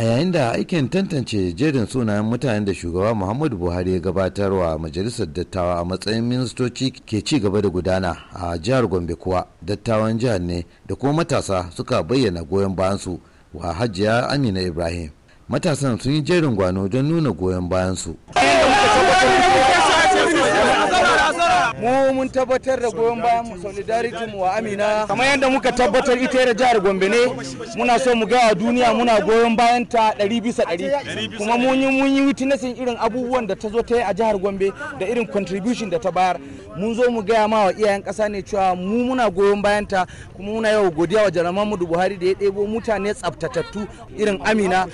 a yayin da aikin tantance jerin sunayen mutanen da shugaba muhammadu buhari ya gabatarwa majalisar dattawa a matsayin ministoci ke ci gaba da gudana a jihar gombe kuwa dattawan jihar ne da kuma matasa suka bayyana goyon bayansu wa hajjiya amina ibrahim matasan sun yi jerin gwano don nuna goyon bayansu mu mun tabbatar da goyon bayan mu solidarity mu wa amina kamar yadda muka tabbatar ita da jihar gombe ne muna so mu a duniya muna goyon bayan ta ɗari bisa kuma mun yi mun yi witnessing irin abubuwan da ta zo ta yi a jihar gombe da irin contribution da ta bayar mun zo mu gaya ma wa iyayen ƙasa ne cewa mu muna goyon bayanta kuma muna yau godiya wa jana Muhammadu Buhari da ya ɗebo mutane tsaftatattu irin Amina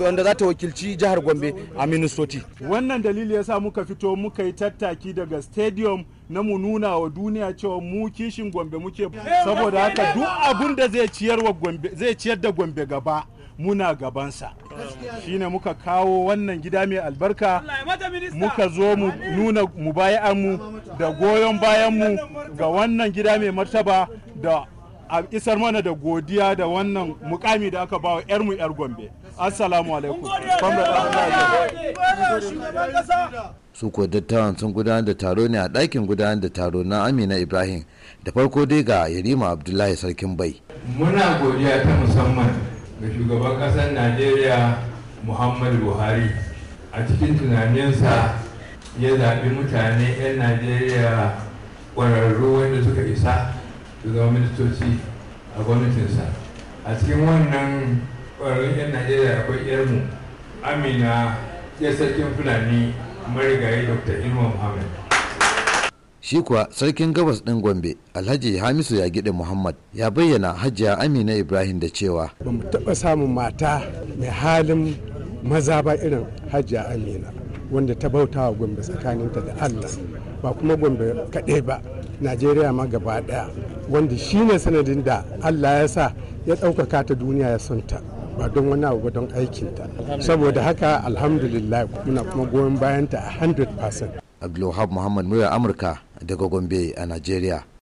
wanda za ta wakilci jihar Gombe a ministoci. Wannan dalili sa muka fito muka yi tattaki daga stadium na mu nuna wa duniya cewa mu kishin gombe muke saboda haka duk abun da zai ciyar da gombe gaba muna gabansa shine muka kawo wannan gida mai albarka muka zo mu nuna mu mu da goyon bayanmu ga wannan gida mai martaba da a isar mana da godiya da wannan mukami da aka bawa 'yarmu 'yar gombe assalamu alaikum su kuwa dattawan sun gudanar da taro ne a ɗakin gudanar da taro na amina ibrahim da farko dai ga yarima abdullahi sarkin bai muna godiya ta musamman ga shugaban ƙasar najeriya muhammadu buhari a cikin tunaninsa ya zaɓi mutane 'yan najeriya ƙwararru wanda suka isa su ministoci a gwamnatinsa a cikin wannan ƙwararrun 'yan najeriya akwai yarmu amina ya sarkin fulani marigayi dr ilma muhammad shi kuwa sarkin gabas ɗin gombe alhaji hamisu ya gida muhammad ya bayyana hajiya amina ibrahim da cewa ba mu taɓa samun mata mai halin maza ba irin hajiya amina wanda ta bauta wa gombe tsakaninta da allah ba kuma gombe kaɗai ba najeriya ma gaba ɗaya wanda shi ne sanadin da allah ya sa ya ɗaukaka ta duniya ya santa ba don wani abu ba don aikinta saboda haka alhamdulillah muna kuma goyon bayanta a 100% abdulwahab muhammad muryar amurka daga gombe a nigeria